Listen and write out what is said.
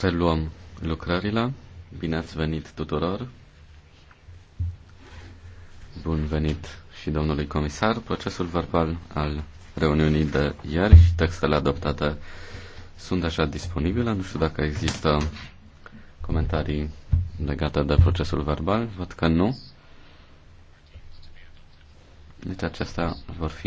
Reluam lucrările. Bine ați venit tuturor. Bun venit și domnului comisar. Procesul verbal al reuniunii de ieri și textele adoptate sunt deja disponibile. Nu știu dacă există comentarii legate de procesul verbal. Văd că nu. Deci acestea vor fi